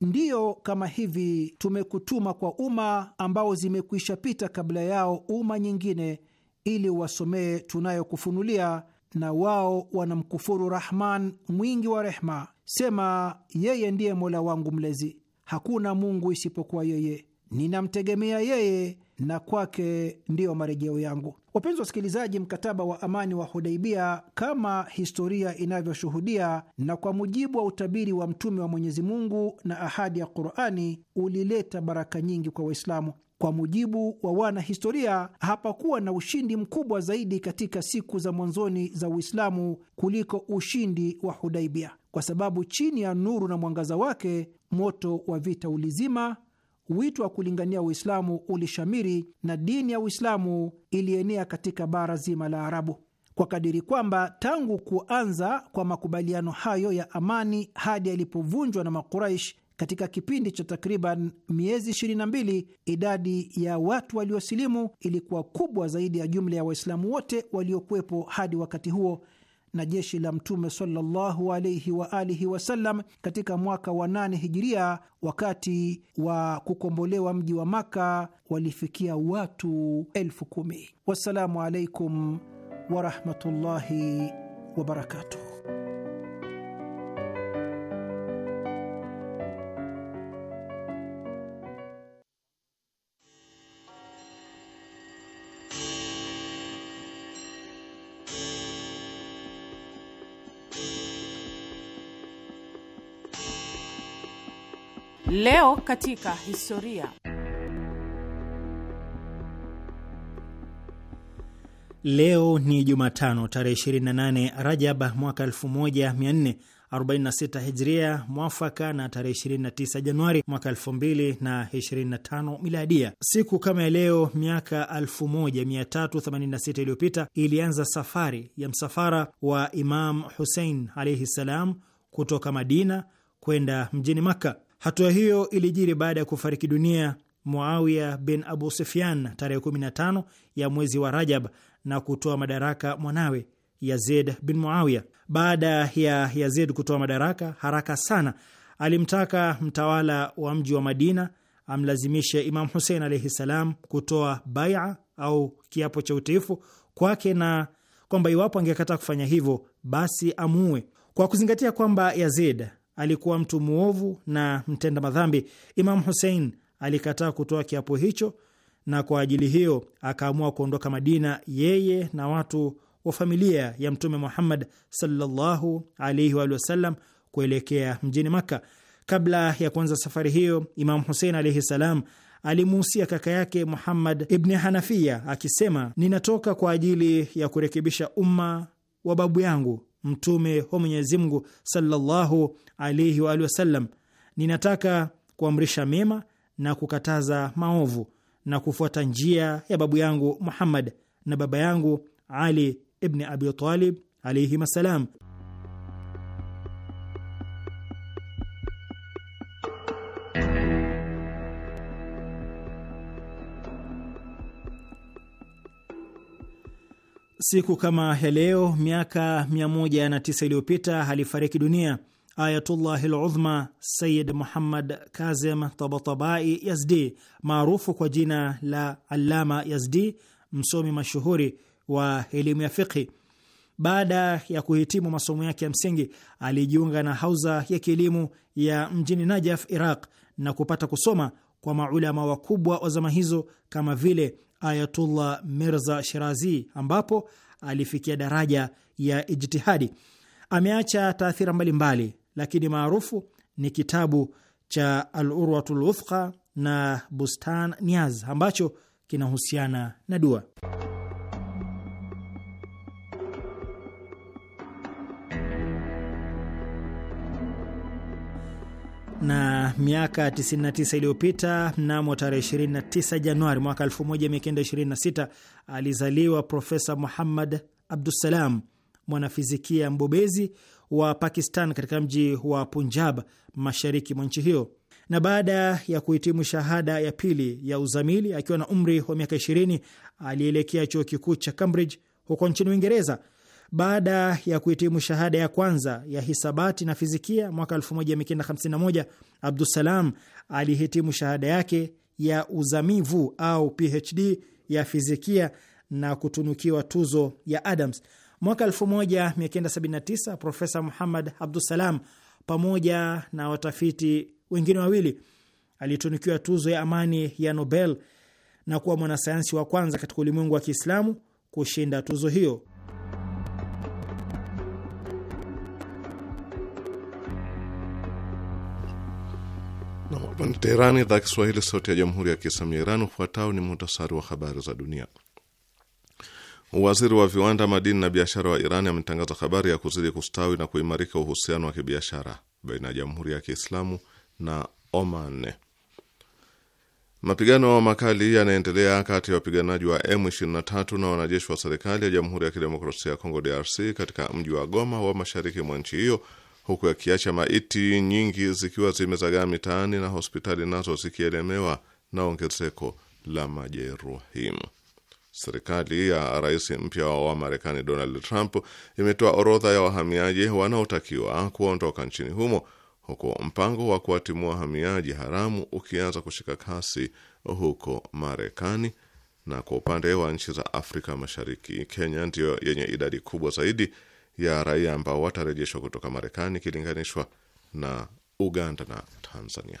ndiyo kama hivi tumekutuma kwa umma ambao zimekwisha pita kabla yao umma nyingine, ili wasomee tunayokufunulia, na wao wanamkufuru Rahman mwingi wa rehma. Sema, yeye ndiye mola wangu mlezi, hakuna mungu isipokuwa yeye, ninamtegemea yeye na kwake ndiyo marejeo yangu. Wapenzi wasikilizaji, mkataba wa amani wa Hudaibia, kama historia inavyoshuhudia na kwa mujibu wa utabiri wa mtume wa Mwenyezi Mungu na ahadi ya Qurani, ulileta baraka nyingi kwa Waislamu. Kwa mujibu wa wanahistoria, hapakuwa na ushindi mkubwa zaidi katika siku za mwanzoni za Uislamu kuliko ushindi wa Hudaibia, kwa sababu chini ya nuru na mwangaza wake moto wa vita ulizima wito wa kulingania Uislamu ulishamiri na dini ya Uislamu ilienea katika bara zima la Arabu kwa kadiri kwamba tangu kuanza kwa makubaliano hayo ya amani hadi yalipovunjwa na Makuraish katika kipindi cha takriban miezi 22 idadi ya watu waliosilimu ilikuwa kubwa zaidi ya jumla ya Waislamu wote waliokuwepo hadi wakati huo, na jeshi la Mtume sallallahu alaihi wa alihi wasallam katika mwaka wa nane hijiria, wakati wa kukombolewa mji wa Maka walifikia watu elfu kumi. Wassalamu alaikum warahmatullahi wabarakatuh. Leo katika historia. Leo ni Jumatano tarehe 28 Rajab mwaka 1446 Hijria, mwafaka na tarehe 29 Januari mwaka 2025 Miladia. Siku kama ya leo miaka 1386 iliyopita ilianza safari ya msafara wa Imam Husein alaihi ssalam kutoka Madina kwenda mjini Makka. Hatua hiyo ilijiri baada ya kufariki dunia Muawiya bin Abu Sufyan tarehe 15 ya mwezi wa Rajab na kutoa madaraka mwanawe Yazid bin Muawiya. Baada ya Yazid kutoa madaraka haraka sana, alimtaka mtawala wa mji wa Madina amlazimishe Imam Husein alaihi salam kutoa baia au kiapo cha utiifu kwake na kwamba iwapo angekataa kufanya hivyo basi amuue. Kwa kuzingatia kwamba Yazid alikuwa mtu mwovu na mtenda madhambi. Imamu Husein alikataa kutoa kiapo hicho, na kwa ajili hiyo akaamua kuondoka Madina, yeye na watu wa familia ya Mtume Muhammad sallallahu alaihi kuelekea mjini Makka. Kabla ya kuanza safari hiyo, Imamu Husein alaihi salam alimuhusia kaka yake Muhammad ibni Hanafia akisema, ninatoka kwa ajili ya kurekebisha umma wa babu yangu mtume wa Mwenyezi Mungu sallallahu alaihi wa alihi wasallam, ninataka kuamrisha mema na kukataza maovu na kufuata njia ya babu yangu Muhammad na baba yangu Ali ibni Abi Talib alaihim assalam. Siku kama ya leo miaka 109 iliyopita alifariki dunia Ayatullah Udhma Sayid Muhammad Kazim Tabatabai Yazdi, maarufu kwa jina la Allama Yazdi, msomi mashuhuri wa elimu ya fiqhi. Baada ya kuhitimu masomo yake ya msingi, alijiunga na hauza ya kielimu ya mjini Najaf, Iraq, na kupata kusoma kwa maulama wakubwa wa zama hizo kama vile Ayatullah Mirza Shirazi, ambapo alifikia daraja ya ijtihadi. Ameacha taathira mbalimbali, lakini maarufu ni kitabu cha Al-Urwatul na Bustan Niaz ambacho kinahusiana na dua. na miaka 99 iliyopita, mnamo tarehe 29 Januari mwaka 1926 alizaliwa Profesa Muhammad Abdusalam, mwanafizikia mbobezi wa Pakistan katika mji wa Punjab, mashariki mwa nchi hiyo. Na baada ya kuhitimu shahada ya pili ya uzamili akiwa na umri wa miaka 20, alielekea chuo kikuu cha Cambridge huko nchini Uingereza baada ya kuhitimu shahada ya kwanza ya hisabati na fizikia mwaka 1951, Abdusalam alihitimu shahada yake ya uzamivu au PhD ya fizikia na kutunukiwa tuzo ya Adams. Mwaka 1979, Profesa Muhammad Abdusalam pamoja na watafiti wengine wawili alitunukiwa tuzo ya amani ya Nobel na kuwa mwanasayansi wa kwanza katika ulimwengu wa Kiislamu kushinda tuzo hiyo. Teherani, idhaa Kiswahili, sauti ya jamhuri ya kiislamu ya Iran. Ufuatao ni muhtasari wa habari za dunia. Waziri wa viwanda, madini na biashara wa Iran ametangaza habari ya kuzidi kustawi na kuimarika uhusiano wa kibiashara baina ya jamhuri ya kiislamu na Oman. Mapigano makali yanaendelea kati ya wapiganaji wa M23 na wanajeshi wa serikali ya jamhuri ya kidemokrasia ya Kongo, DRC, katika mji wa Goma wa mashariki mwa nchi hiyo huku akiacha maiti nyingi zikiwa zimezagaa mitaani na hospitali nazo zikielemewa na ongezeko la majeruhi. Serikali ya rais mpya wa Marekani Donald Trump imetoa orodha ya wahamiaji wanaotakiwa kuondoka nchini humo huku mpango wa kuwatimua wahamiaji haramu ukianza kushika kasi huko Marekani. Na kwa upande wa nchi za Afrika Mashariki, Kenya ndiyo yenye idadi kubwa zaidi ya raia ambao watarejeshwa kutoka Marekani ikilinganishwa na Uganda na Tanzania.